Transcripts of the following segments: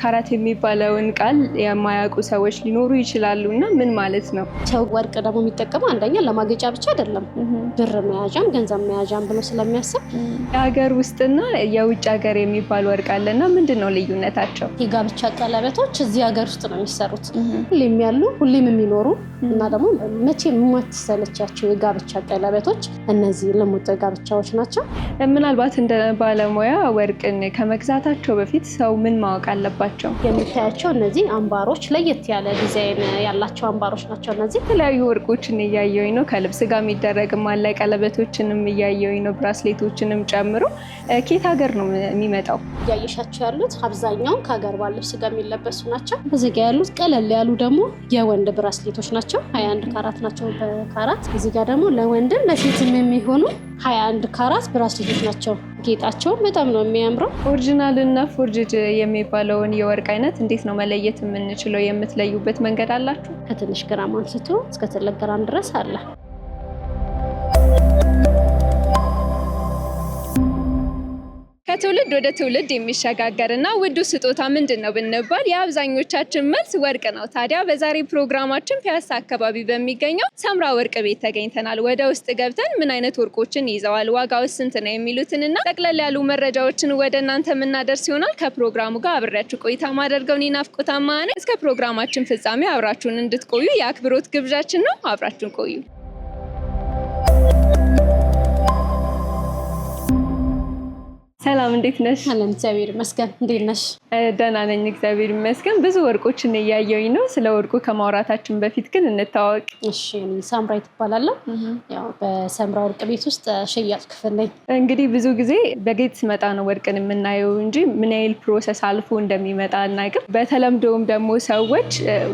ካራት የሚባለውን ቃል የማያውቁ ሰዎች ሊኖሩ ይችላሉ እና ምን ማለት ነው? ሰው ወርቅ ደግሞ የሚጠቀመው አንደኛ ለማጌጫ ብቻ አይደለም፣ ብር መያዣም ገንዘብ መያዣም ብሎ ስለሚያስብ የሀገር ውስጥና የውጭ ሀገር የሚባል ወርቅ አለ እና ምንድን ነው ልዩነታቸው? የጋብቻ ቀለበቶች እዚህ ሀገር ውስጥ ነው የሚሰሩት። ሁሌም ያሉ ሁሌም የሚኖሩ እና ደግሞ መቼ የማትሰለቻቸው የጋብቻ ቀለበቶች እነዚህ ልሙጥ ጋብቻዎች ናቸው። ምናልባት እንደ ባለሙያ ወርቅን ከመግዛታቸው በፊት ሰው ምን ማወቅ አለባቸው? የምታያቸው እነዚህ አምባሮች ለየት ያለ ዲዛይን ያላቸው አምባሮች ናቸው። እነዚህ የተለያዩ ወርቆችን እያየኝ ነው። ከልብስ ጋር የሚደረግም አለ። ቀለበቶችንም እያየኝ ነው። ብራስሌቶችንም ጨምሮ ኬት ሀገር ነው የሚመጣው? እያየሻቸው ያሉት አብዛኛውን ከሀገር ባል ልብስ ጋር የሚለበሱ ናቸው። በዚጋ ያሉት ቀለል ያሉ ደግሞ የወንድ ብራስሌቶች ናቸው። ናቸው። 21 ካራት ናቸው በካራት። እዚህ ጋር ደግሞ ለወንድም ለሴትም የሚሆኑ 21 ካራት ብራስሌቶች ናቸው። ጌጣቸውም በጣም ነው የሚያምረው። ኦሪጂናል እና ፎርጅድ የሚባለውን የወርቅ አይነት እንዴት ነው መለየት የምንችለው? የምትለዩበት መንገድ አላችሁ? ከትንሽ ግራም አንስቶ እስከ ትልቅ ግራም ድረስ አለ። ከትውልድ ወደ ትውልድ የሚሸጋገርና ውዱ ስጦታ ምንድን ነው ብንባል የአብዛኞቻችን መልስ ወርቅ ነው። ታዲያ በዛሬ ፕሮግራማችን ፒያሳ አካባቢ በሚገኘው ሰምራ ወርቅ ቤት ተገኝተናል። ወደ ውስጥ ገብተን ምን አይነት ወርቆችን ይዘዋል፣ ዋጋው ስንት ነው እና ጠቅለል ያሉ መረጃዎችን ወደ እናንተ የምናደርስ ይሆናል። ከፕሮግራሙ ጋር አብሬያችሁ ቆይታ ማደርገውን እኔ ናፍቆታማ እስከ ፕሮግራማችን ፍጻሜ አብራችሁን እንድትቆዩ የአክብሮት ግብዣችን ነው። አብራችሁን ቆዩ። እንዴት ነሽ? አለን እግዚአብሔር ይመስገን። እንዴት ነሽ? ደህና ነኝ እግዚአብሔር ይመስገን። ብዙ ወርቆችን እያየኝ ነው። ስለ ወርቁ ከማውራታችን በፊት ግን እንታወቅ። እሺ፣ ሳምራ ትባላለሁ። ያው በሰምራ ወርቅ ቤት ውስጥ ሽያጭ ክፍል ነኝ። እንግዲህ ብዙ ጊዜ በጌት ስመጣ ነው ወርቅን የምናየው እንጂ ምን ያህል ፕሮሰስ አልፎ እንደሚመጣ እናቅም። በተለምዶም ደግሞ ሰዎች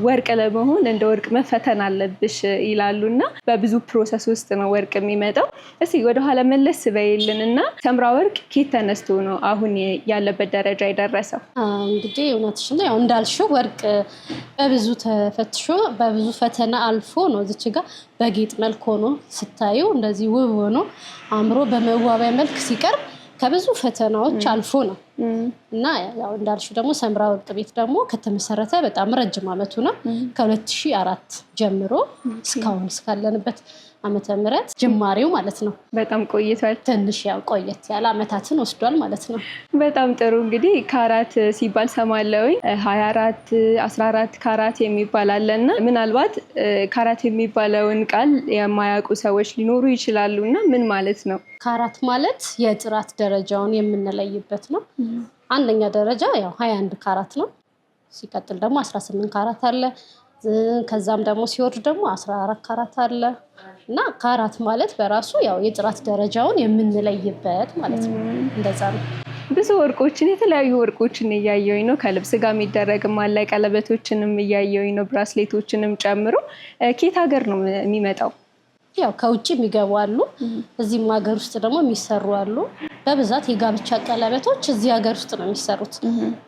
ወርቅ ለመሆን እንደ ወርቅ መፈተን አለብሽ ይላሉ እና በብዙ ፕሮሰስ ውስጥ ነው ወርቅ የሚመጣው። እስኪ ወደኋላ መለስ በይልን እና ሰምራ ወርቅ ኬት ተነስቶ ነው ነው አሁን ያለበት ደረጃ የደረሰው? እንግዲህ እውነትሽ ያው እንዳልሽው ወርቅ በብዙ ተፈትሾ በብዙ ፈተና አልፎ ነው እዚች ጋ በጌጥ መልክ ሆኖ ስታዩ እንደዚህ ውብ ሆኖ አእምሮ በመዋቢያ መልክ ሲቀርብ ከብዙ ፈተናዎች አልፎ ነው እና ያው እንዳልሹ ደግሞ ሰምራ ወርቅ ቤት ደግሞ ከተመሰረተ በጣም ረጅም አመቱ ነው። ከ2004 ጀምሮ እስካሁን እስካለንበት አመተ ምህረት ጅማሬው ማለት ነው። በጣም ቆይቷል። ትንሽ ያው ቆየት ያለ አመታትን ወስዷል ማለት ነው። በጣም ጥሩ እንግዲህ ካራት ሲባል ሰማለዊ ሀያ አራት አስራ አራት ካራት የሚባል ምናልባት ካራት የሚባለውን ቃል የማያውቁ ሰዎች ሊኖሩ ይችላሉ እና ምን ማለት ነው? ካራት ማለት የጥራት ደረጃውን የምንለይበት ነው። አንደኛ ደረጃ ያው ሀያ አንድ ካራት ነው። ሲቀጥል ደግሞ አስራ ስምንት ካራት አለ። ከዛም ደግሞ ሲወርድ ደግሞ አስራ አራት ካራት አለ እና ካራት ማለት በራሱ ያው የጥራት ደረጃውን የምንለይበት ማለት ነው። እንደዛ ነው። ብዙ ወርቆችን የተለያዩ ወርቆችን እያየሁኝ ነው። ከልብስ ጋር የሚደረግም አለ። ቀለበቶችንም እያየሁኝ ነው። ብራስሌቶችንም ጨምሮ ኬት ሀገር ነው የሚመጣው? ያው ከውጭ የሚገቡ አሉ፣ እዚህም ሀገር ውስጥ ደግሞ የሚሰሩ አሉ። በብዛት የጋብቻ ቀለበቶች እዚህ ሀገር ውስጥ ነው የሚሰሩት።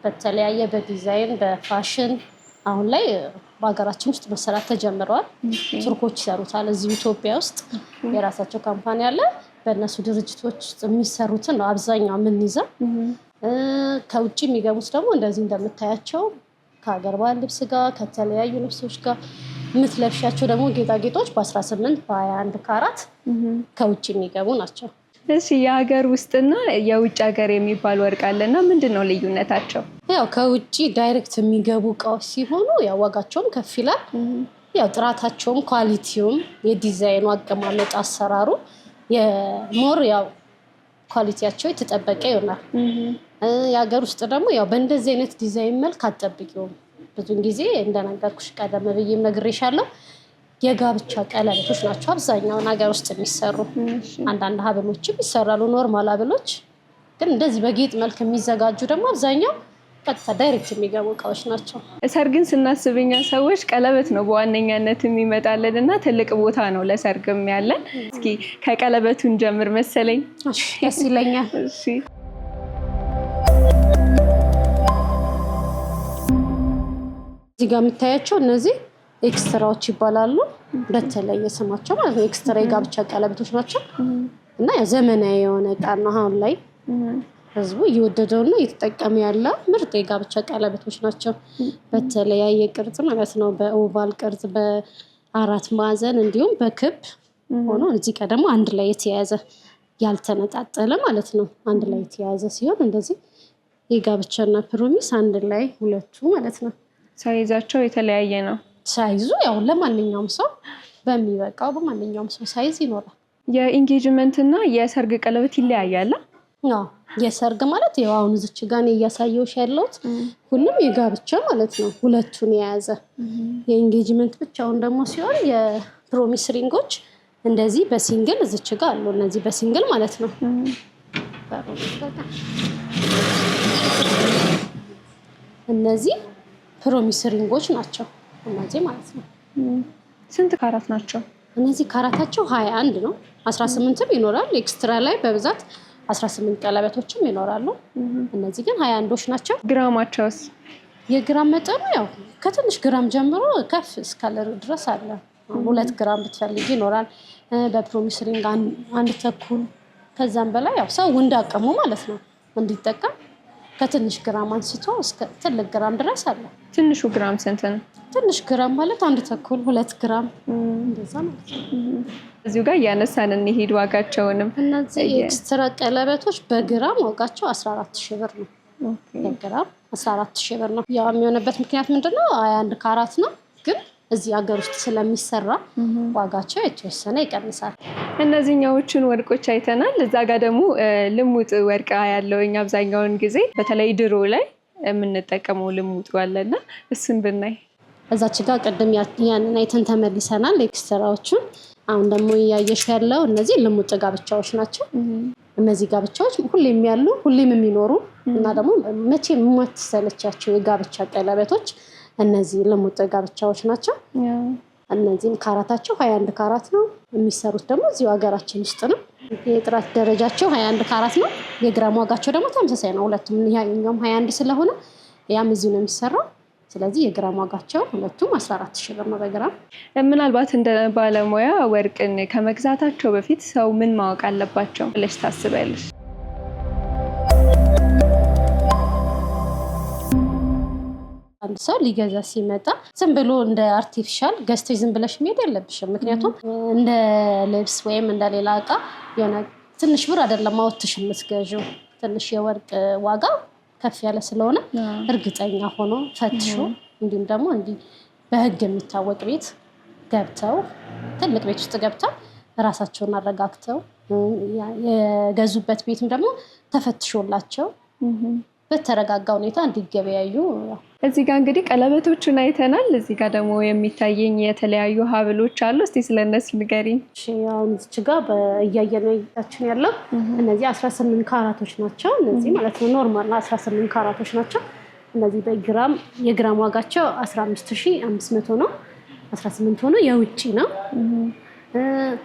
በተለያየ በዲዛይን በፋሽን አሁን ላይ በሀገራችን ውስጥ መሰራት ተጀምረዋል። ቱርኮች ይሰሩታል። እዚህ ኢትዮጵያ ውስጥ የራሳቸው ካምፓኒ አለ። በእነሱ ድርጅቶች ውስጥ የሚሰሩትን ነው አብዛኛው የምንይዘው። ከውጭ የሚገቡት ደግሞ እንደዚህ እንደምታያቸው ከሀገር ባህል ልብስ ጋር ከተለያዩ ልብሶች ጋር የምትለብሻቸው ደግሞ ጌጣጌጦች በ18 21 ካራት ከውጭ የሚገቡ ናቸው። እሺ የሀገር ውስጥና የውጭ ሀገር የሚባል ወርቅ አለና ምንድን ነው ልዩነታቸው? ያው ከውጭ ዳይሬክት የሚገቡ እቃዎች ሲሆኑ ያው ዋጋቸውም ከፍ ይላል። ያው ጥራታቸውም፣ ኳሊቲውም፣ የዲዛይኑ አቀማመጥ፣ አሰራሩ የሞር ያው ኳሊቲያቸው የተጠበቀ ይሆናል። የሀገር ውስጥ ደግሞ ያው በእንደዚህ አይነት ዲዛይን መልክ አትጠብቂውም ብዙን ጊዜ እንደነገርኩሽ ቀደም ብዬም ነግሬሻለሁ የጋብቻ ቀለበቶች ናቸው አብዛኛውን ሀገር ውስጥ የሚሰሩ። አንዳንድ ሀብሎችም ይሰራሉ ኖርማል ሀብሎች፣ ግን እንደዚህ በጌጥ መልክ የሚዘጋጁ ደግሞ አብዛኛው ቀጥታ ዳይሬክት የሚገቡ እቃዎች ናቸው። ሰርግን ስናስብኛ ሰዎች ቀለበት ነው በዋነኛነት የሚመጣለን እና ትልቅ ቦታ ነው ለሰርግም ያለን። እስኪ ከቀለበቱን ጀምር መሰለኝ ደስ ይለኛል። እዚህ ጋር የምታያቸው እነዚህ ኤክስትራዎች ይባላሉ። በተለየ ስማቸው ማለት ነው። ኤክስትራ የጋብቻ ቀለበቶች ናቸው እና ዘመናዊ የሆነ እቃ ነው። አሁን ላይ ህዝቡ እየወደደውና እየተጠቀመ ያለ ምርጥ የጋብቻ ቀለበቶች ናቸው። በተለያየ ቅርጽ ማለት ነው። በኦቫል ቅርጽ፣ በአራት ማዕዘን እንዲሁም በክብ ሆኖ እዚህ ጋር ደግሞ አንድ ላይ የተያያዘ ያልተነጣጠለ ማለት ነው። አንድ ላይ የተያያዘ ሲሆን እንደዚህ የጋብቻና ፕሮሚስ አንድ ላይ ሁለቱ ማለት ነው ሳይዛቸው የተለያየ ነው። ሳይዙ ያው ለማንኛውም ሰው በሚበቃው በማንኛውም ሰው ሳይዝ ይኖራል። የኢንጌጅመንት እና የሰርግ ቀለበት ይለያያል። የሰርግ ማለት ያው አሁን ዝች ጋር እያሳየውሽ ያለውት ሁሉም የጋብቻ ማለት ነው፣ ሁለቱን የያዘ የኢንጌጅመንት ብቻውን ደግሞ ሲሆን የፕሮሚስ ሪንጎች እንደዚህ በሲንግል ዝች ጋር አሉ። እነዚህ በሲንግል ማለት ነው። እነዚህ ፕሮሚስሪንጎች ናቸው እነዚህ ማለት ነው። ስንት ካራት ናቸው እነዚህ? ካራታቸው ሀያ አንድ ነው። አስራ ስምንትም ይኖራል ኤክስትራ ላይ በብዛት አስራ ስምንት ቀለበቶችም ይኖራሉ። እነዚህ ግን ሀያ አንዶች ናቸው። ግራማቸውስ? የግራም መጠኑ ያው ከትንሽ ግራም ጀምሮ ከፍ እስካለ ድረስ አለ። ሁለት ግራም ብትፈልጊ ይኖራል። በፕሮሚስሪንግ አንድ ተኩል ከዛም በላይ ያው ሰው እንደ ማለት ነው እንዲጠቀም ከትንሽ ግራም አንስቶ እስከ ትልቅ ግራም ድረስ አለ። ትንሹ ግራም ስንት ነው? ትንሽ ግራም ማለት አንድ ተኩል ሁለት ግራም እንደዛ ማለት ነው። እዚሁ ጋር እያነሳን እንሄድ ዋጋቸውንም። እነዚህ ኤክስትራ ቀለበቶች በግራም ዋጋቸው 14 ሺህ ብር ነው። በግራም 14 ሺህ ብር ነው። ያው ምክንያት ምንድነው? ነው? አንድ ካራት ነው ግን እዚህ ሀገር ውስጥ ስለሚሰራ ዋጋቸው የተወሰነ ይቀንሳል። እነዚህኛዎቹን ወርቆች አይተናል። እዛ ጋር ደግሞ ልሙጥ ወርቅ ያለውኝ አብዛኛውን ጊዜ በተለይ ድሮ ላይ የምንጠቀመው ልሙጥ አለና እሱን ብናይ እዛች ጋር ቅድም ያንን አይተን ተመልሰናል። ኤክስትራዎቹን አሁን ደግሞ እያየሽ ያለው እነዚህ ልሙጥ ጋብቻዎች ናቸው። እነዚህ ጋብቻዎች ሁሌም ያሉ ሁሌም የሚኖሩ እና ደግሞ መቼ የማትሰለቻቸው የጋብቻ ቀለበቶች እነዚህ ልሙጥ ጋብቻዎች ናቸው። እነዚህም ካራታቸው ሀያ አንድ ካራት ነው። የሚሰሩት ደግሞ እዚሁ ሀገራችን ውስጥ ነው። የጥራት ደረጃቸው ሀያ አንድ ካራት ነው። የግራም ዋጋቸው ደግሞ ተመሳሳይ ነው። ሁለቱም ያኛውም ሀያ አንድ ስለሆነ ያም እዚሁ ነው የሚሰራው። ስለዚህ የግራም ዋጋቸው ሁለቱም አስራ አራት ሺ ብር ነው በግራም። ምናልባት እንደ ባለሙያ ወርቅን ከመግዛታቸው በፊት ሰው ምን ማወቅ አለባቸው ብለሽ ታስቢያለሽ? አንድ ሰው ሊገዛ ሲመጣ ዝም ብሎ እንደ አርቲፊሻል ገዝተሽ ዝም ብለሽ መሄድ የለብሽም። ምክንያቱም እንደ ልብስ ወይም እንደ ሌላ እቃ የሆነ ትንሽ ብር አይደለም አወጥሽ የምትገዢው። ትንሽ የወርቅ ዋጋ ከፍ ያለ ስለሆነ እርግጠኛ ሆኖ ፈትሾ፣ እንዲሁም ደግሞ እንዲህ በህግ የሚታወቅ ቤት ገብተው ትልቅ ቤት ውስጥ ገብተው ራሳቸውን አረጋግተው የገዙበት ቤትም ደግሞ ተፈትሾላቸው በተረጋጋ ሁኔታ እንዲገበያዩ እዚህ ጋር እንግዲህ ቀለበቶቹን አይተናል። እዚህ ጋር ደግሞ የሚታየኝ የተለያዩ ሀብሎች አሉ። እስቲ ስለነሱ ንገሪኝ። አሁን እዚች ጋር እያየን ያየታችን ያለው እነዚህ አስራ ስምንት ካራቶች ናቸው። እነዚህ ማለት ነው ኖርማል አስራ ስምንት ካራቶች ናቸው። እነዚህ በግራም የግራም ዋጋቸው አስራ አምስት ሺ አምስት መቶ ነው። አስራ ስምንት ሆኖ የውጭ ነው።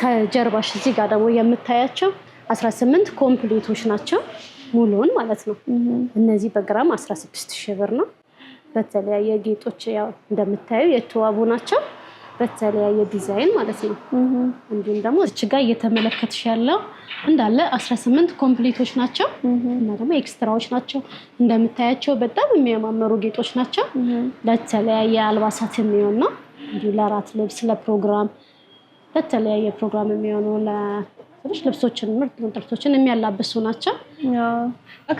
ከጀርባሽ እዚህ ጋር ደግሞ የምታያቸው አስራ ስምንት ኮምፕሊቶች ናቸው ሙሉውን ማለት ነው። እነዚህ በግራም አስራ ስድስት ሺ ብር ነው። በተለያየ ጌጦች ያው እንደምታዩ የተዋቡ ናቸው። በተለያየ ዲዛይን ማለት ነው። እንዲሁም ደግሞ እች ጋር እየተመለከትሽ ያለው እንዳለ 18 ኮምፕሊቶች ናቸው እና ደግሞ ኤክስትራዎች ናቸው። እንደምታያቸው በጣም የሚያማመሩ ጌጦች ናቸው። ለተለያየ አልባሳት የሚሆን ነው። እንዲሁ ለራት ልብስ፣ ለፕሮግራም፣ ለተለያየ ፕሮግራም የሚሆኑ ትንሽ ልብሶችን ምርጥ ምርጥ ልብሶችን የሚያላብሱ ናቸው።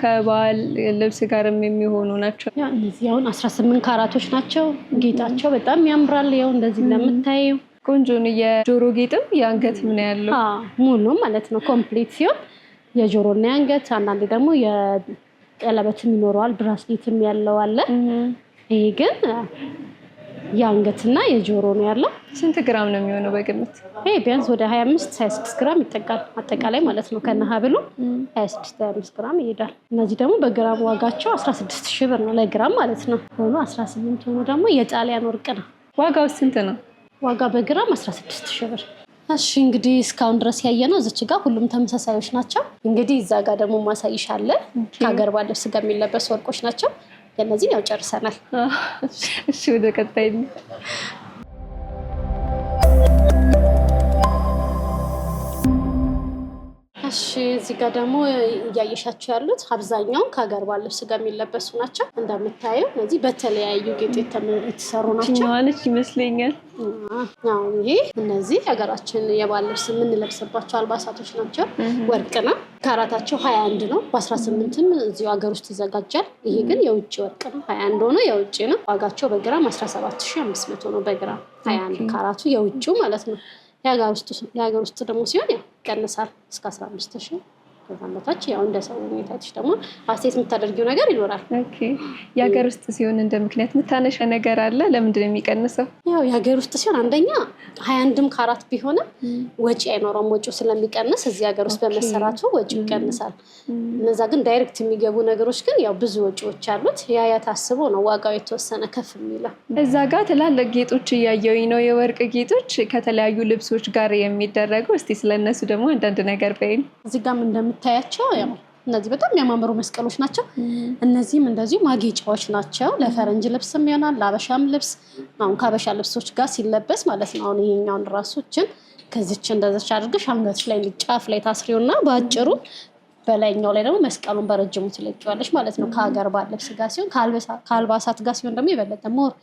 ከባህል ልብስ ጋርም የሚሆኑ ናቸው። እነዚህ አሁን አስራ ስምንት ካራቶች ናቸው። ጌጣቸው በጣም ያምራል። ያው እንደዚህ እንደምታየው ቆንጆን የጆሮ ጌጥም የአንገት ምን ያለው ሙሉ ማለት ነው ኮምፕሊት ሲሆን የጆሮና የአንገት አንዳንዴ ደግሞ የቀለበትም ይኖረዋል ብራስሌትም ያለው አለ። ይሄ ግን የአንገትና የጆሮ ነው ያለው። ስንት ግራም ነው የሚሆነው በግምት? ይህ ቢያንስ ወደ 25 26 ግራም ይጠቃል አጠቃላይ ማለት ነው። ከነ ሀብሉ 26 25 ግራም ይሄዳል። እነዚህ ደግሞ በግራም ዋጋቸው 16 ሺህ ብር ነው ለግራም ማለት ነው። ሆኖ 18 ሆኖ ደግሞ የጣሊያን ወርቅ ነው። ዋጋው ስንት ነው? ዋጋ በግራም 16 ሺህ ብር እሺ እንግዲህ እስካሁን ድረስ ያየነው እዚች ጋር ሁሉም ተመሳሳዮች ናቸው። እንግዲህ እዛ ጋር ደግሞ ማሳይሻለ ሀገር ባለ ስጋ የሚለበሱ ወርቆች ናቸው። ከነዚህ ያው ጨርሰናል። እሺ ወደ ቀጣይ እሺ እዚህ ጋር ደግሞ እያየሻቸው ያሉት አብዛኛውን ከሀገር ባል ልብስ ጋር የሚለበሱ ናቸው። እንደምታየው እነዚህ በተለያዩ ጌጥ የተሰሩ ናቸው ይመስለኛል። ይሄ እነዚህ ሀገራችን የባል ልብስ የምንለብስባቸው አልባሳቶች ናቸው። ወርቅ ነው። ካራታቸው ሀያ አንድ ነው። በአስራ ስምንትም እዚሁ ሀገር ውስጥ ይዘጋጃል። ይሄ ግን የውጭ ወርቅ ነው። ሀያ አንድ ሆኖ የውጭ ነው። ዋጋቸው በግራም አስራ ሰባት ሺ አምስት መቶ ነው በግራም ሀያ አንድ ካራቱ የውጭው ማለት ነው። የሀገር ውስጥ ደግሞ ሲሆን ያው ይቀንሳል እስከ አስራ አምስት ሺህ ከዛም በታች ያው እንደ ሰው ሁኔታች ደግሞ አስቴት የምታደርጊው ነገር ይኖራል። የሀገር ውስጥ ሲሆን እንደ ምክንያት የምታነሻ ነገር አለ? ለምንድን የሚቀንሰው? ያው የሀገር ውስጥ ሲሆን አንደኛ ሀያ አንድም ከአራት ቢሆንም ወጪ አይኖረውም። ወጪው ስለሚቀንስ እዚህ ሀገር ውስጥ በመሰራቱ ወጪው ይቀንሳል። እነዛ ግን ዳይሬክት የሚገቡ ነገሮች ግን ያው ብዙ ወጪዎች አሉት። ያ ያታስበው ነው ዋጋው የተወሰነ ከፍ የሚለው። እዛ ጋር ትላልቅ ጌጦች እያየሁኝ ነው፣ የወርቅ ጌጦች ከተለያዩ ልብሶች ጋር የሚደረገው እስቲ ስለነሱ ደግሞ አንዳንድ ነገር በይም እዚህ ጋም የምታያቸው ያው እነዚህ በጣም የሚያማምሩ መስቀሎች ናቸው። እነዚህም እንደዚሁ ማጌጫዎች ናቸው። ለፈረንጅ ልብስም ይሆናል ለአበሻም ልብስ አሁን ከአበሻ ልብሶች ጋር ሲለበስ ማለት ነው። አሁን ይሄኛውን ራሶችን ከዚች እንደዚች አድርገሽ አንገትሽ ላይ ጫፍ ላይ ታስሪውና በአጭሩ በላይኛው ላይ ደግሞ መስቀሉን በረጅሙ ትለቂዋለሽ ማለት ነው። ከሀገር ባህል ልብስ ጋር ሲሆን ከአልባሳት ጋር ሲሆን ደግሞ የበለጠ ሞር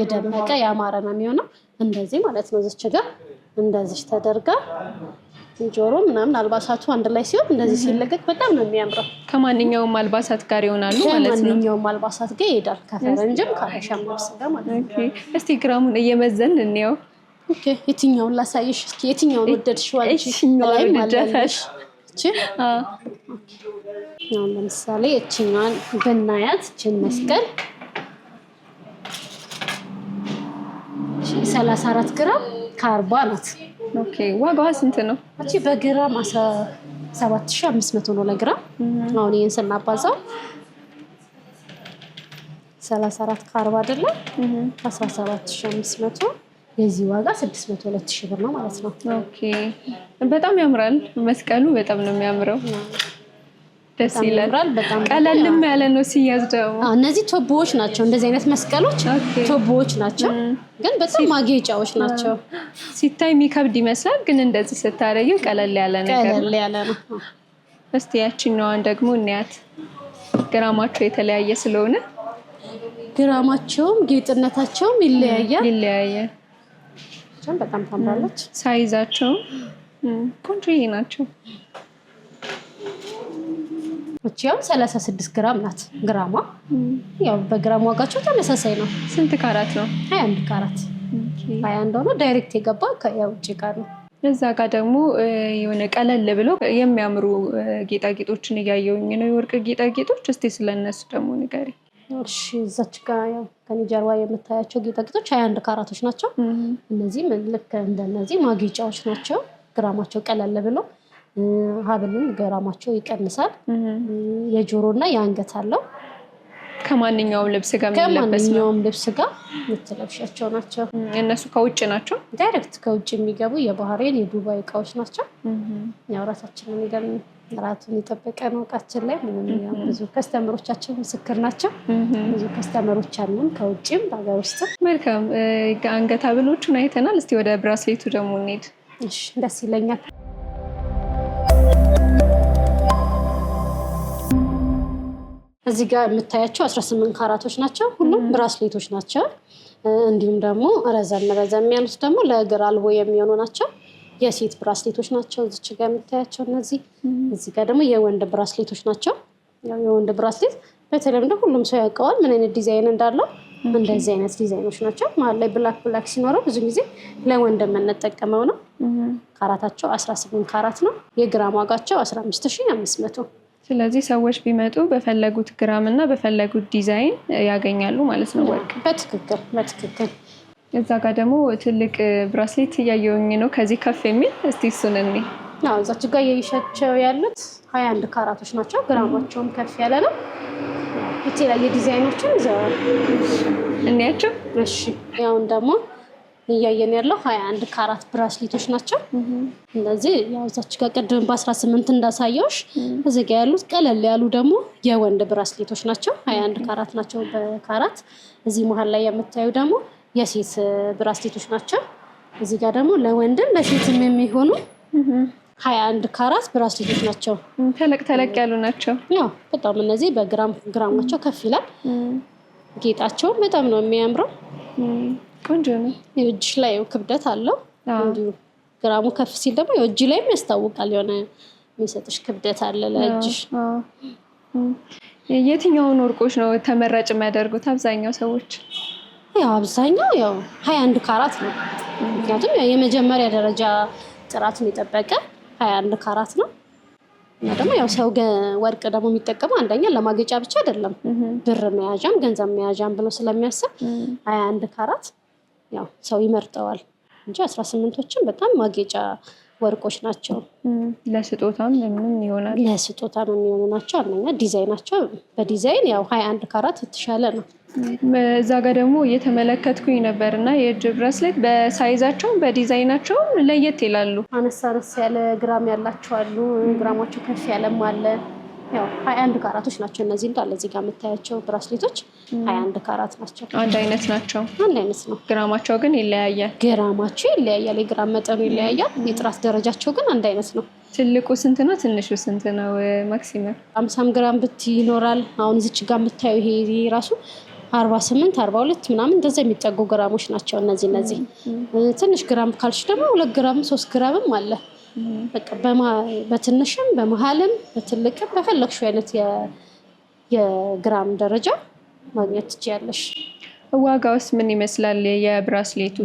የደመቀ ያማረ ነው የሚሆነው። እንደዚህ ማለት ነው። ዝች ጋር እንደዚች ተደርጋ ጆሮ ምናምን አልባሳቱ አንድ ላይ ሲሆን እንደዚህ ሲለቀቅ በጣም ነው የሚያምረው። ከማንኛውም አልባሳት ጋር ይሆናሉ ማለት ነው። ከማንኛውም አልባሳት ጋር ይሄዳል። ከፈረንጅም ከሀበሻም ልብስ ጋር ማለት ነው። እስቲ ግራሙን እየመዘን እንየው። የትኛውን ላሳየሽ? እስኪ የትኛውን ወደድሽው? ላይ ማለሽ አሁን ለምሳሌ እችኛዋን ብናያት እችን መስቀል ሰላሳ አራት ግራም ከአርባ ናት። ኦኬ ዋጋዋ ስንት ነው? እቺ በግራም 17500 ነው ለግራም። አሁን ይሄን ስናባዛው 34 ከ40 አይደለ? 17500 የዚህ ዋጋ 6 602 ሺህ ብር ነው ማለት ነው። በጣም ያምራል መስቀሉ፣ በጣም ነው የሚያምረው። ደስ ይላል። በጣም ቀለልም ያለ ነው ሲያዝ ደግሞ እነዚህ ቶቦዎች ናቸው። እንደዚህ አይነት መስቀሎች ቶቦዎች ናቸው፣ ግን በጣም ማጌጫዎች ናቸው። ሲታይ የሚከብድ ይመስላል፣ ግን እንደዚህ ስታደርጊው ቀለል ያለ ነገር ያለ ነው። እስቲ ያችኛዋን ደግሞ እናያት። ግራማቸው የተለያየ ስለሆነ ግራማቸውም ጌጥነታቸውም ይለያያል ይለያያል። በጣም ታምራለች። ሳይዛቸውም ቆንጆዬ ናቸው። እቺያም 36 ግራም ናት። ግራማ ያው በግራም ዋጋቸው ተመሳሳይ ነው። ስንት ካራት ነው? 21 ካራት። 21 ሆኖ ዳይሬክት የገባ የውጭ ጋር ነው። እዛ ጋር ደግሞ የሆነ ቀለል ብሎ የሚያምሩ ጌጣጌጦችን እያየውኝ ነው፣ የወርቅ ጌጣጌጦች። እስቲ ስለነሱ ደግሞ ንገሪ። እሺ እዛች ጋር ከኔ ጀርባ የምታያቸው ጌጣጌጦች ሀያ አንድ ካራቶች ናቸው። እነዚህም ልክ እንደነዚህ ማጌጫዎች ናቸው። ግራማቸው ቀለል ብሎ ሀብልም ገራማቸው ይቀንሳል። የጆሮና የአንገት አለው። ከማንኛውም ልብስ ጋር ከማንኛውም ልብስ ጋር የምትለብሻቸው ናቸው። እነሱ ከውጭ ናቸው። ዳይሬክት ከውጭ የሚገቡ የባህሬን የዱባይ እቃዎች ናቸው። ያው እራሳችን ራቱን የጠበቀ ነው። እቃችን ላይ ብዙ ከስተመሮቻችን ምስክር ናቸው። ብዙ ከስተመሮች አሉን ከውጭም በሀገር ውስጥ። መልካም አንገት ሀብሎቹን አይተናል። እስቲ ወደ ብራስሌቱ ደግሞ እንሄድ። ደስ ይለኛል። እዚህ ጋር የምታያቸው 18 ካራቶች ናቸው። ሁሉም ብራስሌቶች ናቸው። እንዲሁም ደግሞ ረዘም ረዘም ያሉት ደግሞ ለእግር አልቦ የሚሆኑ ናቸው። የሴት ብራስሌቶች ናቸው። እዚች ጋር የምታያቸው እነዚህ። እዚህ ጋር ደግሞ የወንድ ብራስሌቶች ናቸው። የወንድ ብራስሌት በተለምዶ ሁሉም ሰው ያውቀዋል ምን አይነት ዲዛይን እንዳለው። እንደዚህ አይነት ዲዛይኖች ናቸው። መሀል ላይ ብላክ ብላክ ሲኖረው ብዙ ጊዜ ለወንድ የምንጠቀመው ነው። ካራታቸው 18 ካራት ነው። የግራም ዋጋቸው መቶ ስለዚህ ሰዎች ቢመጡ በፈለጉት ግራም እና በፈለጉት ዲዛይን ያገኛሉ ማለት ነው ወርቅ። በትክክል በትክክል። እዛ ጋር ደግሞ ትልቅ ብራስሌት እያየውኝ ነው ከዚህ ከፍ የሚል እስቲ እሱን እኔ እዛች ጋር እያየሻቸው ያሉት ሀያ አንድ ካራቶች ናቸው። ግራማቸውም ከፍ ያለ ነው። የተለያየ ዲዛይኖችን ይዘዋል። እንያቸው። እሺ ያውን ደግሞ እያየን ያለው ሀያ አንድ ካራት ብራስሌቶች ናቸው። እነዚህ ያው እዛች ጋር ቅድም በአስራ ስምንት እንዳሳየውሽ እዚህ ጋ ያሉት ቀለል ያሉ ደግሞ የወንድ ብራስሌቶች ናቸው። ሀያ አንድ ካራት ናቸው በካራት። እዚህ መሀል ላይ የምታዩ ደግሞ የሴት ብራስሌቶች ናቸው። እዚህ ጋር ደግሞ ለወንድም ለሴትም የሚሆኑ ሀያ አንድ ካራት ብራስሌቶች ናቸው። ተለቅ ተለቅ ያሉ ናቸው። ያው በጣም እነዚህ በግራም ግራማቸው ከፍ ይላል። ጌጣቸውን በጣም ነው የሚያምረው። ቆንጆ ነው። የእጅሽ ላይ ክብደት አለው እንዲሁ ግራሙ ከፍ ሲል ደግሞ የእጅ ላይም ያስታውቃል። የሆነ የሚሰጥሽ ክብደት አለ ለእጅሽ። የትኛውን ወርቆች ነው ተመራጭ የሚያደርጉት አብዛኛው ሰዎች? ያው አብዛኛው ያው ሀያ አንድ ካራት ነው። ምክንያቱም የመጀመሪያ ደረጃ ጥራቱን የጠበቀ ሀያ አንድ ካራት ነው እና ደግሞ ያው ሰው ወርቅ ደግሞ የሚጠቀመው አንደኛ ለማጌጫ ብቻ አይደለም፣ ብር መያዣም ገንዘብ መያዣም ብሎ ስለሚያስብ ሀያ አንድ ካራት ያው ሰው ይመርጠዋል እንጂ አስራ ስምንቶችን በጣም ማጌጫ ወርቆች ናቸው። ለስጦታም ምንም ይሆናል። ለስጦታም የሚሆኑ ናቸው። አንደኛ ዲዛይናቸው በዲዛይን ያው ሀያ አንድ ካራት የተሻለ ነው። እዛ ጋር ደግሞ እየተመለከትኩኝ ነበር እና የእጅ ብራስሌት በሳይዛቸውም በዲዛይናቸውም ለየት ይላሉ። አነስ አነስ ያለ ግራም ያላቸው አሉ። ግራማቸው ከፍ ያለም አለ ያው ሀያ አንድ ካራቶች ናቸው እነዚህ እንዳለ እዚህ ጋር የምታያቸው ብራስሌቶች ሀያ አንድ ካራት ናቸው። አንድ አይነት ናቸው። አንድ አይነት ነው። ግራማቸው ግን ይለያያል። ግራማቸው ይለያያል። የግራም መጠኑ ይለያያል። የጥራት ደረጃቸው ግን አንድ አይነት ነው። ትልቁ ስንት ነው? ትንሹ ስንት ነው? ማክሲመም አምሳም ግራም ብት ይኖራል። አሁን እዚች ጋር የምታዩ ይሄ ራሱ አርባ ስምንት አርባ ሁለት ምናምን እንደዛ የሚጠጉ ግራሞች ናቸው እነዚህ እነዚህ ትንሽ ግራም ካልሽ ደግሞ ሁለት ግራም ሶስት ግራምም አለ በትንሽም በመሀልም በትልቅም በፈለግሽው አይነት የግራም ደረጃ ማግኘት ትችያለሽ። ዋጋውስ ምን ይመስላል? የብራስሌቱ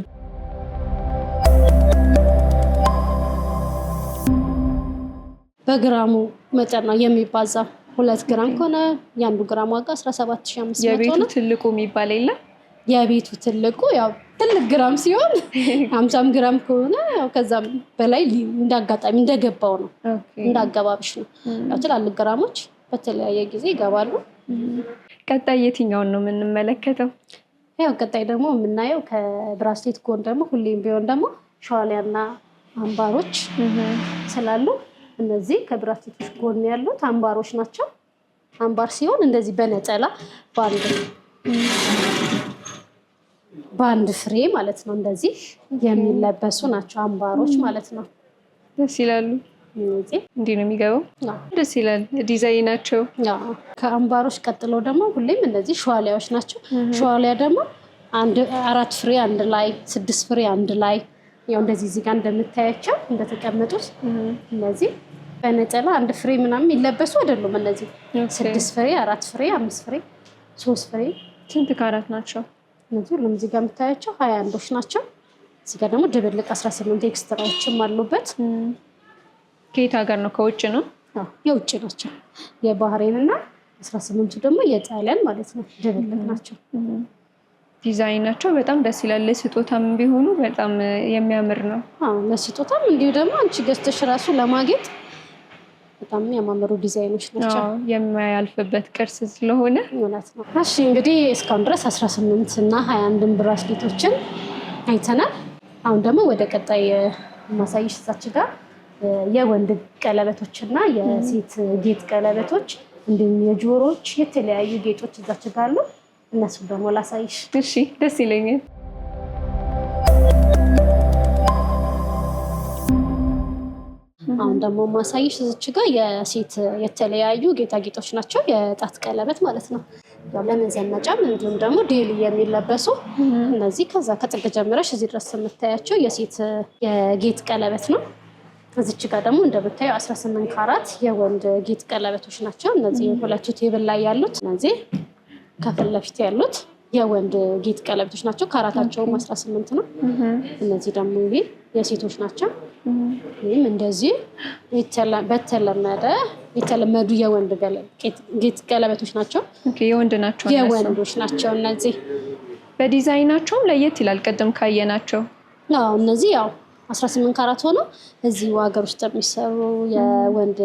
በግራሙ መጠን ነው የሚባዛ። ሁለት ግራም ከሆነ የአንዱ ግራም ዋጋ 17 የቤቱ ትልቁ የሚባል የለም የቤቱ ትልቁ ያው ትልቅ ግራም ሲሆን ሀምሳም ግራም ከሆነ ያው ከዛም በላይ እንዳጋጣሚ እንደገባው ነው እንዳገባብሽ ነው። ያው ትላልቅ ግራሞች በተለያየ ጊዜ ይገባሉ። ቀጣይ የትኛውን ነው የምንመለከተው? ያው ቀጣይ ደግሞ የምናየው ከብራስሌት ጎን ደግሞ ሁሌም ቢሆን ደግሞ ሸዋሊያና አምባሮች ስላሉ እነዚህ ከብራስሌቶች ጎን ያሉት አምባሮች ናቸው። አምባር ሲሆን እንደዚህ በነጠላ በአንድ ነው በአንድ ፍሬ ማለት ነው። እንደዚህ የሚለበሱ ናቸው አምባሮች ማለት ነው። ደስ ይላሉ። እንዲህ ነው የሚገባው። ደስ ይላል ዲዛይን ናቸው። ከአምባሮች ቀጥሎ ደግሞ ሁሌም እነዚህ ሸዋሊያዎች ናቸው። ሸዋሊያ ደግሞ አራት ፍሬ አንድ ላይ፣ ስድስት ፍሬ አንድ ላይ ያው እንደዚህ እዚህ ጋር እንደምታያቸው እንደተቀመጡት እነዚህ በነጠላ አንድ ፍሬ ምናምን የሚለበሱ አይደሉም። እነዚህ ስድስት ፍሬ፣ አራት ፍሬ፣ አምስት ፍሬ፣ ሶስት ፍሬ ስንት ካራት ናቸው? እነዚህ ሁሉም እዚህ ጋር የምታያቸው ሀያ አንዶች ናቸው። እዚህ ጋር ደግሞ ድብልቅ አስራ ስምንት ኤክስትራዎችም አሉበት። ከየት ሀገር ነው? ከውጭ ነው? የውጭ ናቸው የባህሬን እና አስራ ስምንቱ ደግሞ የጣሊያን ማለት ነው። ድብልቅ ናቸው። ዲዛይናቸው በጣም ደስ ይላል። ለስጦታም ቢሆኑ በጣም የሚያምር ነው። ለስጦታም እንዲሁ ደግሞ አንቺ ገዝተሽ ራሱ ለማጌጥ በጣም የሚያማምሩ ዲዛይኖች ናቸው። የማያልፍበት ቅርስ ስለሆነ እውነት ነው። እሺ እንግዲህ እስካሁን ድረስ 18 እና 21 ብራስሌቶችን አይተናል። አሁን ደግሞ ወደ ቀጣይ ማሳይሽ እዛች ጋር የወንድ ቀለበቶች እና የሴት ጌጥ ቀለበቶች እንዲሁም የጆሮች የተለያዩ ጌጦች እዛች ጋር አሉ። እነሱ ደግሞ ላሳይሽ። እሺ ደስ ይለኛል። አሁን ደግሞ ማሳይሽ እዚች ጋር የሴት የተለያዩ ጌጣጌጦች ናቸው። የጣት ቀለበት ማለት ነው። ያው ለመዘነጫም እንዲሁም ደግሞ ዴሊ የሚለበሱ እነዚህ ከዛ ከጥግ ጀምረሽ እዚህ ድረስ የምታያቸው የሴት የጌጥ ቀለበት ነው። እዚች ጋር ደግሞ እንደምታዩ 18 ካራት የወንድ ጌጥ ቀለበቶች ናቸው። እነዚህ ሁለቱ ቴብል ላይ ያሉት እነዚህ ከፊት ለፊት ያሉት የወንድ ጌጥ ቀለበቶች ናቸው። ከአራታቸውም አስራ ስምንት ነው። እነዚህ ደግሞ ይሄ የሴቶች ናቸው። ይህም እንደዚህ በተለመደ የተለመዱ የወንድ ጌጥ ቀለበቶች ናቸው። የወንድ ናቸው የወንዶች ናቸው። እነዚህ በዲዛይናቸውም ለየት ይላል። ቅድም ካየናቸው እነዚህ ያው 18 ካራት ሆኖ እዚህ ሀገር ውስጥ የሚሰሩ የወንድ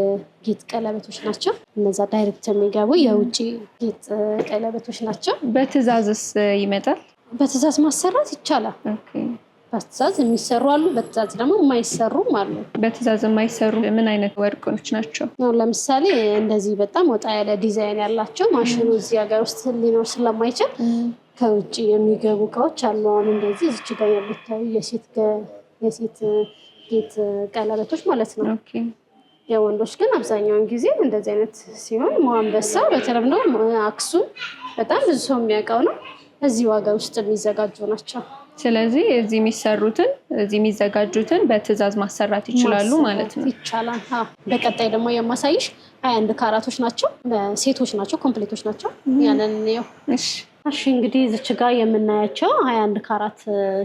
ጌጥ ቀለበቶች ናቸው። እነዛ ዳይሬክት የሚገቡ የውጭ ጌጥ ቀለበቶች ናቸው። በትዕዛዝስ ይመጣል? በትዕዛዝ ማሰራት ይቻላል። በትዕዛዝ የሚሰሩ አሉ። በትዕዛዝ ደግሞ የማይሰሩም አሉ። በትዕዛዝ የማይሰሩ ምን አይነት ወርቆች ናቸው? ለምሳሌ እንደዚህ በጣም ወጣ ያለ ዲዛይን ያላቸው ማሽኑ እዚህ ሀገር ውስጥ ሊኖር ስለማይችል ከውጭ የሚገቡ እቃዎች አሉ። አሁን እንደዚህ እዚች ጋር የምታዩ የሴት የሴት ጌጥ ቀለበቶች ማለት ነው። የወንዶች ግን አብዛኛውን ጊዜ እንደዚህ አይነት ሲሆን መዋንበሳ በተለምዶ አክሱም በጣም ብዙ ሰው የሚያውቀው ነው። እዚህ ዋጋ ውስጥ የሚዘጋጁ ናቸው። ስለዚህ እዚህ የሚሰሩትን እዚህ የሚዘጋጁትን በትዕዛዝ ማሰራት ይችላሉ ማለት ነው። ይቻላል። በቀጣይ ደግሞ የማሳይሽ ሀያ አንድ ካራቶች ናቸው። ሴቶች ናቸው፣ ኮምፕሌቶች ናቸው። ያንን እሺ እሺ እንግዲህ እዚች ጋር የምናያቸው ሀያ አንድ ካራት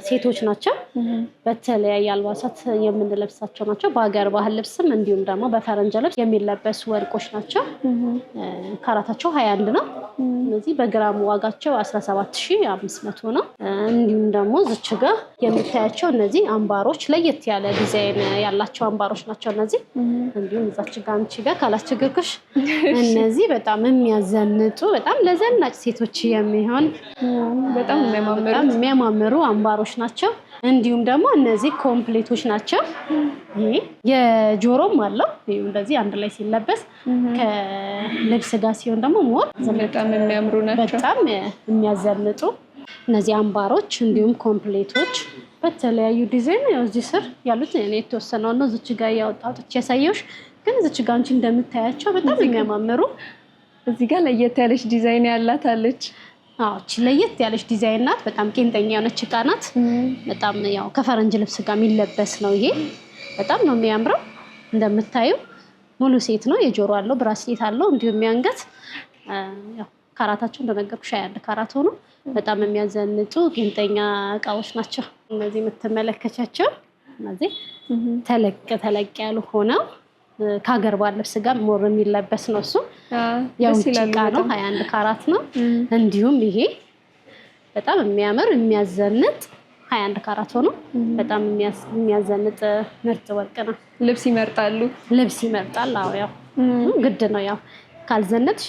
ሴቶች ናቸው። በተለያየ አልባሳት የምንለብሳቸው ናቸው። በሀገር ባህል ልብስም እንዲሁም ደግሞ በፈረንጅ ልብስ የሚለበሱ ወርቆች ናቸው። ካራታቸው ሀያ አንድ ነው። እነዚህ በግራም ዋጋቸው አስራ ሰባት ሺህ አምስት መቶ ነው። እንዲሁም ደግሞ እዚች ጋር የምታያቸው እነዚህ አምባሮች ለየት ያለ ዲዛይን ያላቸው አምባሮች ናቸው እነዚህ። እንዲሁም እዛች ጋር አንቺ ጋር ካላስቸገርኩሽ እነዚህ በጣም የሚያዘንጡ በጣም ለዘናጭ ሴቶች የሚ የሚሆን በጣም የሚያማምሩ አምባሮች ናቸው። እንዲሁም ደግሞ እነዚህ ኮምፕሌቶች ናቸው። ይሄ የጆሮም አለው እንደዚህ አንድ ላይ ሲለበስ ከልብስ ጋር ሲሆን ደግሞ ሞር በጣም የሚያምሩ ናቸው። በጣም የሚያዘልጡ እነዚህ አምባሮች እንዲሁም ኮምፕሌቶች በተለያዩ ዲዛይን እዚህ ስር ያሉት የተወሰነው ነው። ዝች ጋር ያወጣቶች ያሳየውሽ ግን ዝች ጋ አንቺ እንደምታያቸው በጣም የሚያማምሩ እዚህ ጋር ለየት ያለች ዲዛይን ያላት አለች። አዎች ለየት ያለች ዲዛይን ናት። በጣም ቄንጠኛ የሆነች እቃ ናት። በጣም ያው ከፈረንጅ ልብስ ጋር የሚለበስ ነው ይሄ። በጣም ነው የሚያምረው። እንደምታዩ ሙሉ ሴት ነው። የጆሮ አለው፣ ብራስሌት አለው፣ እንዲሁም የአንገት ካራታቸው ሻ ያለ ካራት ሆኖ በጣም የሚያዘንጡ ቄንጠኛ እቃዎች ናቸው እነዚህ የምትመለከቻቸው። እነዚህ ተለቅ ተለቅ ያሉ ሆነው ከሀገር ባለፍ ስጋ ሞር የሚለበስ ነው። እሱ የውጭ ዕቃ ነው፣ ሀያ አንድ ካራት ነው። እንዲሁም ይሄ በጣም የሚያምር የሚያዘንጥ ሀያ አንድ ካራት ሆኖ በጣም የሚያዘንጥ ምርጥ ወርቅ ነው። ልብስ ይመርጣሉ፣ ልብስ ይመርጣል። አዎ ያው ግድ ነው ያው ካልዘነጥሽ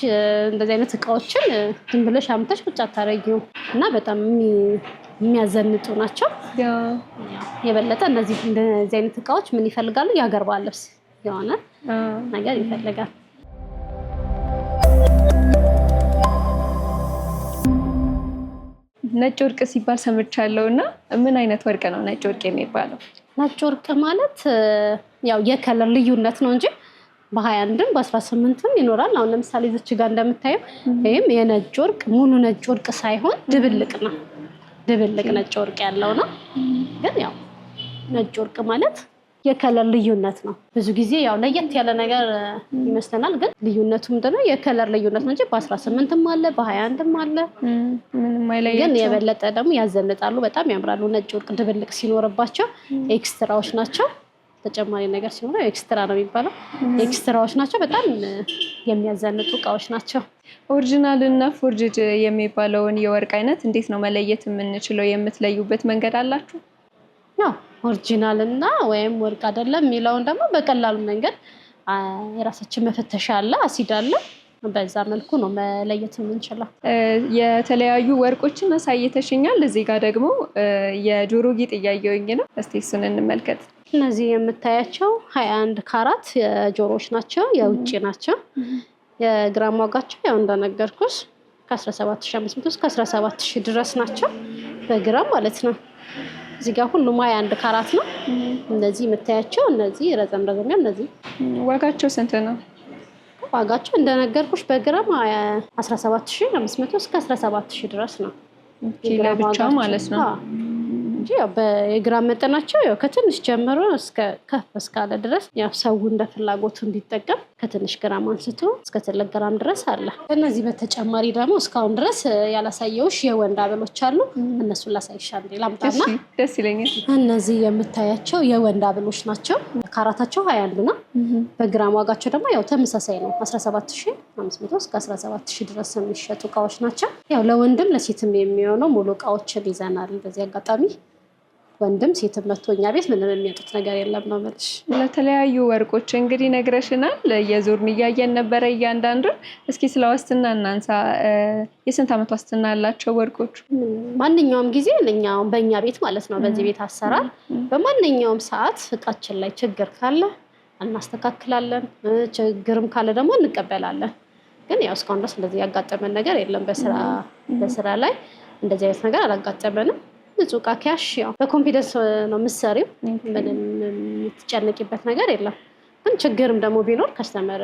እንደዚህ አይነት እቃዎችን ዝም ብለሽ አምተሽ ቁጭ አታረጊው እና በጣም የሚያዘንጡ ናቸው። የበለጠ እነዚህ አይነት እቃዎች ምን ይፈልጋሉ? የሀገር ባህል ልብስ የሆነ ነገር ይፈልጋል። ነጭ ወርቅ ሲባል ሰምቻለሁ እና ምን አይነት ወርቅ ነው ነጭ ወርቅ የሚባለው? ነጭ ወርቅ ማለት ያው የከለር ልዩነት ነው እንጂ በሀያ አንድም በአስራ ስምንትም ይኖራል። አሁን ለምሳሌ ዝች ጋር እንደምታየው ይህም የነጭ ወርቅ ሙሉ ነጭ ወርቅ ሳይሆን ድብልቅ ነው። ድብልቅ ነጭ ወርቅ ያለው ነው። ግን ያው ነጭ ወርቅ ማለት የከለር ልዩነት ነው። ብዙ ጊዜ ያው ለየት ያለ ነገር ይመስለናል፣ ግን ልዩነቱ ምንድነው? የከለር ልዩነት ነው እንጂ በአስራ ስምንትም አለ በሀያ አንድም አለ። ግን የበለጠ ደግሞ ያዘንጣሉ፣ በጣም ያምራሉ። ነጭ ወርቅ ድብልቅ ሲኖርባቸው ኤክስትራዎች ናቸው። ተጨማሪ ነገር ሲሆነ ኤክስትራ ነው የሚባለው። ኤክስትራዎች ናቸው። በጣም የሚያዘንጡ እቃዎች ናቸው። ኦሪጂናል እና ፎርጅድ የሚባለውን የወርቅ አይነት እንዴት ነው መለየት የምንችለው? የምትለዩበት መንገድ አላችሁ? ያው ኦሪጂናል እና ወይም ወርቅ አይደለም የሚለውን ደግሞ በቀላሉ መንገድ የራሳችን መፈተሻ አለ፣ አሲድ አለ። በዛ መልኩ ነው መለየት የምንችለው። የተለያዩ ወርቆችን አሳይተሽኛል። እዚህ ጋር ደግሞ የጆሮ ጌጥ እያየውኝ ነው። እስቲ እሱን እንመልከት። እነዚህ የምታያቸው ሀያ አንድ ካራት የጆሮዎች ናቸው፣ የውጭ ናቸው። የግራም ዋጋቸው ያው እንደነገርኩሽ ከ17500 እስከ 17000 ድረስ ናቸው በግራም ማለት ነው። እዚህ ጋር ሁሉም ሀያ አንድ ካራት ነው። እነዚህ የምታያቸው እነዚህ ረዘም ረዘም ያው እነዚህ ዋጋቸው ስንት ነው? ዋጋቸው እንደነገርኩሽ በግራም 17500 እስከ ሺ ድረስ ነው። ኪሎ ብቻ ማለት ነው እንጂ ያው በግራም መጠናቸው ያው ከትንሽ ጀምሮ እስከ ከፍ እስካለ ድረስ ያው ሰው እንደ ፍላጎቱ እንዲጠቀም ከትንሽ ግራም አንስቶ እስከ ትልቅ ግራም ድረስ አለ። ከእነዚህ በተጨማሪ ደግሞ እስካሁን ድረስ ያላሳየውሽ የወንድ አበሎች አሉ። እነሱን ላሳይሻ እንዴ ላምጣና ደስ ይለኛል። እነዚህ የምታያቸው የወንድ አበሎች ናቸው። ካራታቸው ሀያ ነው። በግራም ዋጋቸው ደግሞ ያው ተመሳሳይ ነው። አስራ ሰባት እስከ አስራ ድረስ የሚሸጡ እቃዎች ናቸው። ያው ለወንድም ለሴትም የሚሆነው ሙሉ እቃዎችን ይዘናል በዚህ አጋጣሚ ወንድም ሴትም መቶ እኛ ቤት ምንም የሚያጡት ነገር የለም ነው የምልሽ። ለተለያዩ ወርቆች እንግዲህ ነግረሽናል፣ የዞርን እያየን ነበረ እያንዳንዱን። እስኪ ስለ ዋስትና እናንሳ። የስንት ዓመት ዋስትና ያላቸው ወርቆች? ማንኛውም ጊዜ እኛውም በእኛ ቤት ማለት ነው በዚህ ቤት አሰራር በማንኛውም ሰዓት እቃችን ላይ ችግር ካለ እናስተካክላለን፣ ችግርም ካለ ደግሞ እንቀበላለን። ግን ያው እስካሁን ድረስ እንደዚህ ያጋጠመን ነገር የለም። በስራ ላይ እንደዚህ አይነት ነገር አላጋጠመንም። ንጹህ እቃ ኪያሽ ያው በኮንፊደንስ ነው የምትሰሪው። ምንም የምትጨንቂበት ነገር የለም። ግን ችግርም ደግሞ ቢኖር ከስተመር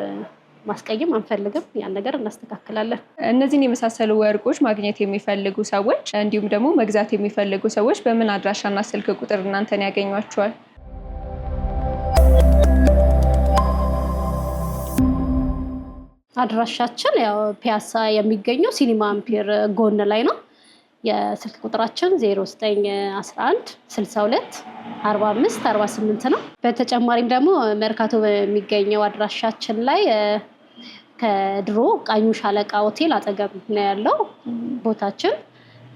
ማስቀየም አንፈልግም። ያን ነገር እናስተካክላለን። እነዚህን የመሳሰሉ ወርቆች ማግኘት የሚፈልጉ ሰዎች እንዲሁም ደግሞ መግዛት የሚፈልጉ ሰዎች በምን አድራሻና ስልክ ቁጥር እናንተን ያገኟቸዋል? አድራሻችን ያው ፒያሳ የሚገኘው ሲኒማ አምፒር ጎን ላይ ነው። የስልክ ቁጥራችን 0911 62 45 48 ነው። በተጨማሪም ደግሞ መርካቶ በሚገኘው አድራሻችን ላይ ከድሮ ቃኙ ሻለቃ ሆቴል አጠገብ ነው ያለው ቦታችን።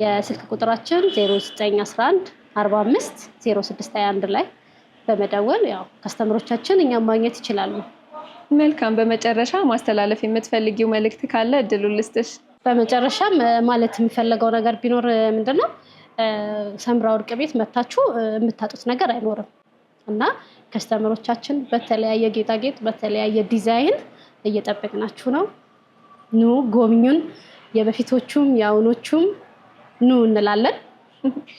የስልክ ቁጥራችን 0911 45 0621 ላይ በመደወል ያው ከስተምሮቻችን እኛም ማግኘት ይችላሉ። መልካም። በመጨረሻ ማስተላለፍ የምትፈልጊው መልእክት ካለ እድሉ ልስጥሽ። በመጨረሻም ማለት የምፈለገው ነገር ቢኖር ምንድነው ሰምራ ወርቅ ቤት መታችሁ የምታጡት ነገር አይኖርም እና ከስተመሮቻችን በተለያየ ጌጣጌጥ በተለያየ ዲዛይን እየጠበቅናችሁ ነው። ኑ ጎብኙን። የበፊቶቹም የአሁኖቹም ኑ እንላለን።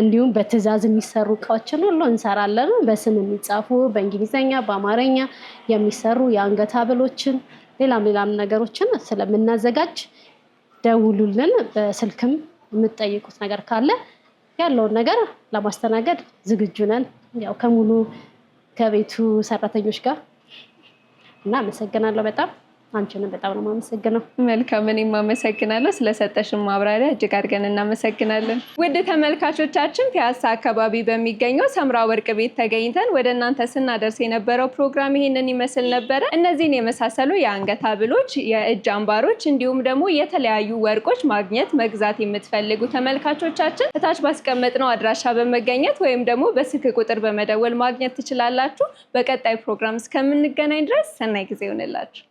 እንዲሁም በትዕዛዝ የሚሰሩ እቃዎችን ሁሉ እንሰራለን። በስም የሚጻፉ በእንግሊዝኛ በአማርኛ የሚሰሩ የአንገት ሀብሎችን ሌላም ሌላም ነገሮችን ስለምናዘጋጅ ደውሉልን። በስልክም የምትጠይቁት ነገር ካለ ያለውን ነገር ለማስተናገድ ዝግጁ ነን። ያው ከሙሉ ከቤቱ ሰራተኞች ጋር እና አመሰግናለሁ በጣም አንቺንም በጣም ነው የማመሰግነው። መልካም፣ እኔም አመሰግናለሁ ስለሰጠሽን ማብራሪያ እጅግ አድርገን እናመሰግናለን። ውድ ተመልካቾቻችን ፒያሳ አካባቢ በሚገኘው ሰምራ ወርቅ ቤት ተገኝተን ወደ እናንተ ስናደርስ የነበረው ፕሮግራም ይሄንን ይመስል ነበረ። እነዚህን የመሳሰሉ የአንገት ሀብሎች፣ የእጅ አምባሮች እንዲሁም ደግሞ የተለያዩ ወርቆች ማግኘት መግዛት የምትፈልጉ ተመልካቾቻችን እታች ባስቀመጥነው አድራሻ በመገኘት ወይም ደግሞ በስልክ ቁጥር በመደወል ማግኘት ትችላላችሁ። በቀጣይ ፕሮግራም እስከምንገናኝ ድረስ ሰናይ ጊዜ ይሆንላችሁ።